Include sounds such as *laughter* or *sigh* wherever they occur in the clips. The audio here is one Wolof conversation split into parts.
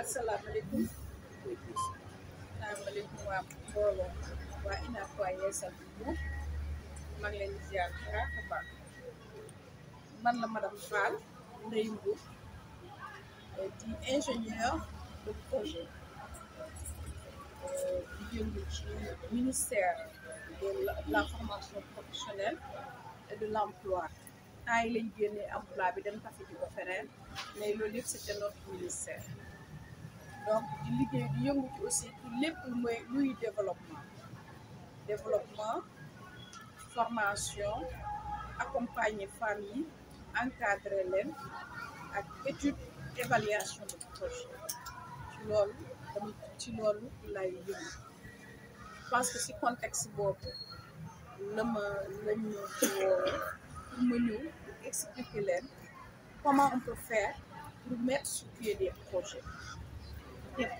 asalaamaaleykum asalaamaaleykum waa mbooloo waa INAF waa Yeesal Juboo maa ngi leen di ziar baax man la madame Fall Ndeye Mbour di ingénieur de projet di yëngu ci ministère de la formation professionnelle et de l'emploi temps yi lañ génnee emploi bi dem tafi ji ko feneen mais loolu yëpp c'était notre ministère donc il y a aussi pour développement développement formation accompagner femmes yi encadrer leen ak étude évaluation de projet ci loolu tamit ci loolu je que si contexte Nous, nous, ma nous, pour expliquer comment on peut faire pour mettre sur pied des projets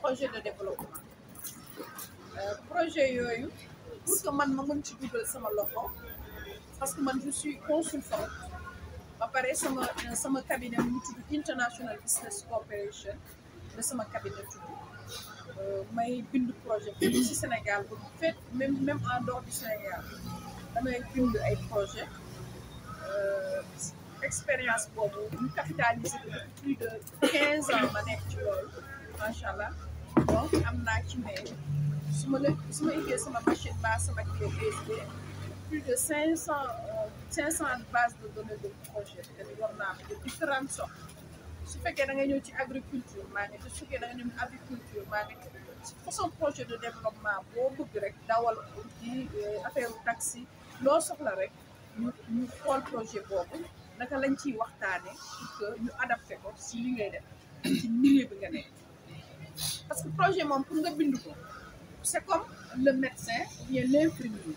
projet de développement euh, projet yooyu pour que man ma mën ci dugal sama loxo parce que man je suis consultante ba pare sama euh, sama cabinet mu tudd international business cooperation la sama cabinet tudd euh, may bind projet bi ci Sénégal bu fait même même en dehors du Sénégal damay bind ay projet expérience boobu ñu capitaliser plus de quinze ans ma ci loolu macha allah donc am naa ci mais su ma la su ma indee sama machine ba de cinq cent euh, cinq cent bases de données de projet te war naa ko de différentes su fekkee da nga ñëw ci agriculture maa ngi su fekkee da nga ñëw ci agriculture maa ngi ci façon projet de développement boo bëgg rek dawal di euh, affaire taxi loo soxla rek ñu ñu xool projet boobu naka lañ ciy waxtaane pour ñu adapté ko si li ngay def ci milieu bi nga nekk parce que projet moom pour nga bind ko c'est comme le médecin ou bien l'infirmier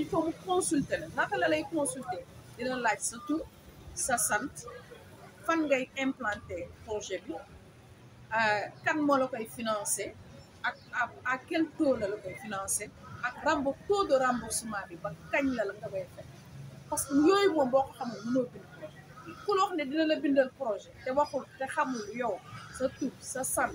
il faut me consulter la naka consulter dina laaj sa tur sa sant fan ngay implanter projet bi euh kan mo la koy financer ak à quel taux la koy financer ak rembour taux de remboursement bi ba kañ la la nga koy fekk parce que yoy mom boko ko xamul mënoo bind ku la wax dina la bindal projet te waxul te xamul yow sa tout sa sant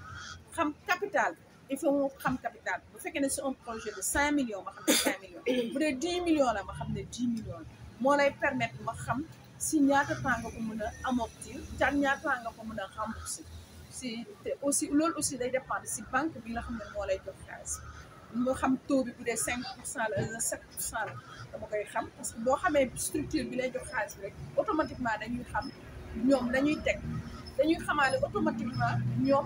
xam capital il faut mu xam capital bu fekkee ne c'est un projet de cinq millions ma xam ne cinq millions *coughs* bu dee dix millions la ma xam ne dix millions moo lay permettre ma xam si ñaata temps nga ko mën a amortir jar ñaata temps nga ko mën a rembourser si te aussi loolu aussi day dépendre si banque bi nga xam ne moo lay jox xaalis moo xam taux bi bu dee cinq pour cent la wala sept pour cent dama koy xam parce que boo xamee structure bi lay jox xaalis bi rek automatiquement dañuy xam ñoom dañuy teg dañuy xamaale automatiquement ñoom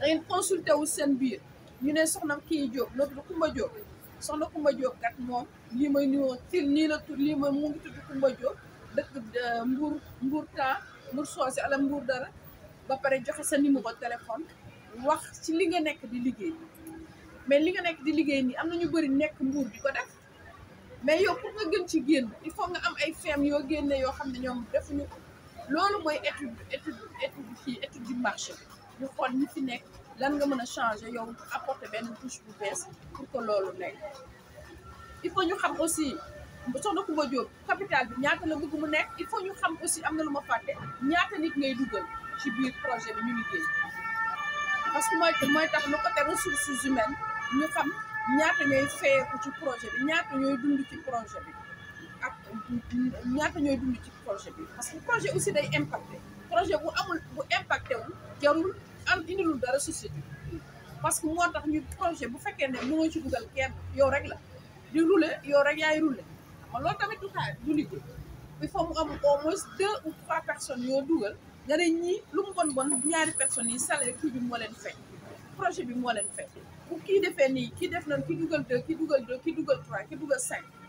da ngeen consulté wu seen biir ñu ne soxna kii Diop loolu Kumba Diop soxna Kumba Diop kat moom lii may nuyoo ci nii la tudd lii may mu ngi tudd Kumba Diop dëkk euh, Mbour Mbour temps Mbour Socé ala Mbour dara ba pare joxe sa numéro téléphone wax ci li nga nekk di liggéey mais li nga nekk di liggéey nii am na ñu bëri nekk Mbour di ko def mais yow pour nga gën ci génn il faut nga am ay feem yoo génne yoo xam ne ñoom defuñu ko loolu mooy étude étude étude marché ñu xool ñi fi nekk lan nga mën a changer yow apporter benn touche bu bees pour que loolu nekk il faut ñu xam aussi soxna Coumba Diop capital bi ñaata la bëgg mu nekk il faut ñu xam aussi am na lu ma fàtte ñaata nit ngay dugal ci biir projet bi ñu liggéey parce que mooy mooy tax lu côté ressources humaines ñu xam ñaata ñooy fayeeku ci projet bi ñaata ñooy dund ci projet bi ak ñaata ñooy dund ci projet bi parce que projet aussi day impacté projet bu amul bu impacté wu jarul am indilul dara société parce que moo tax ñu projet bu fekkee ne mënoo ci dugal kenn yow rek la di rouler yow rek yaay rouler xam nga loolu tamit du xaar du liggéey bi faut mu am au moins deux ou trois personnes yoo dugal nga ne ñii lu mu bon bon ñaari personnes yi salaire kii bi moo leen fekk projet bi moo leen fekk bu kii defee nii kii def nañ ki dugal deux ki dugal deux ki dugal trois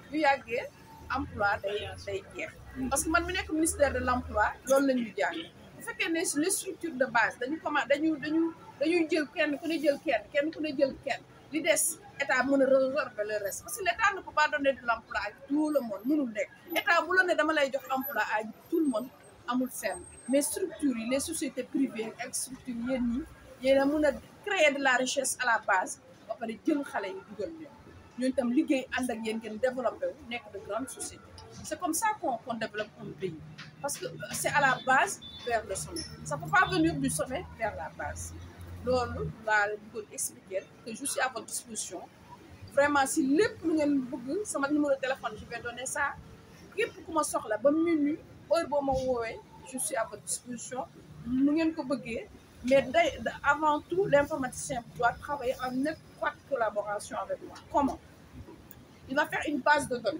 ki yàggee emploi day day jeex parce que man mi nekk ministère de l' emploi loolu la ñuy bu les structures de base dañu comment dañu dañu jël jël le reste parce que ne peut donner de à tout le monde état bu la dama lay à tout le monde mais les sociétés privées structures créer de la richesse à la base ba pare jël xale yi dugal ñoom tam de grande société c'est comme ça qu'on développe un pays. Parce que c'est à la base vers le sommet. Ça ne peut pas venir du sommet vers la base. je vais vous expliquer que je suis à votre disposition vraiment si vous lu ngeen numéro téléphone je vais donner ça Et pour commencer, la bonne minuit heure minute, je suis à votre disposition Nous mais avant tout l'informaticien doit travailler en étroite collaboration avec moi comment il va faire une base de données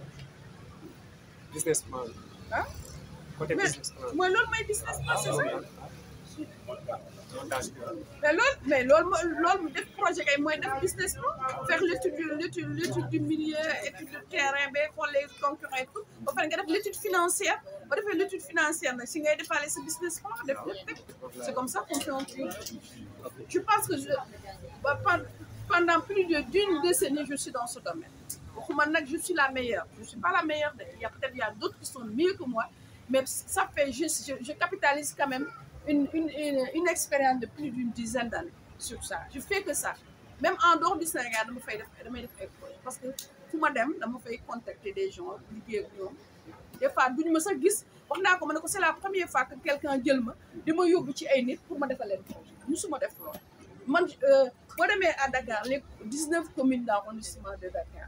businessman. Hein? man côté businessman mais moi loolu business businessman c'est ah, ça. mais l'homme mais loolu loolu def projet kay des businessman faire l'étude l'étude du milieu l'étude du terrain ben pour les concurrents et tout on pare l'étude financière va faire l'étude financière mais si on defaale pas business businessman, c'est comme ça qu'on fait un tour je pense que je pendant plus d'une décennie je suis dans ce domaine je suis la meilleure. Je ne suis pas la meilleure. Il y a peut-être d'autres qui sont mieux que moi. Mais ça fait juste, je, capitalise quand même une, expérience de plus d'une dizaine d'années sur ça. Je fais que ça. Même en dehors du Sénégal, je me fais des Parce que pour madame, je me fais contacter des gens, des fois, je me dis, que c'est la première fois que quelqu'un dit, je me suis dit, pour me faire des projets. Nous sommes des projets. Moi, euh, je suis à Dakar, les 19 communes d'arrondissement de Dakar.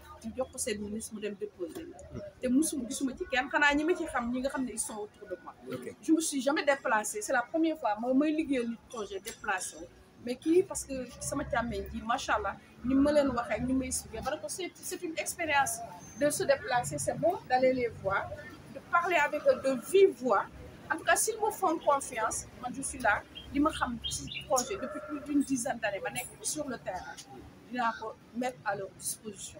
ñu jox ko seen ministre mu dem déposer te musuma gisuma ci kenn xanaa ñi ma ci xam ñi nga xam ne ils sont autour de moi je me suis jamais déplacé. c'est la première fois ma may liggéeyal nit projet déplacé mais kii parce que sama càmmeñ ji macha allah ni ma leen waxee ni may expliqué parce que c'est c'est une expérience de se déplacer c'est bon d'aller les voir de parler avec eux de vive voix en tout cas s'ils me font confiance man je suis là li ma xam ci projet depuis plus d'une dizaine d'années ma nekk sur le terrain dinaa ko mettre à leur disposition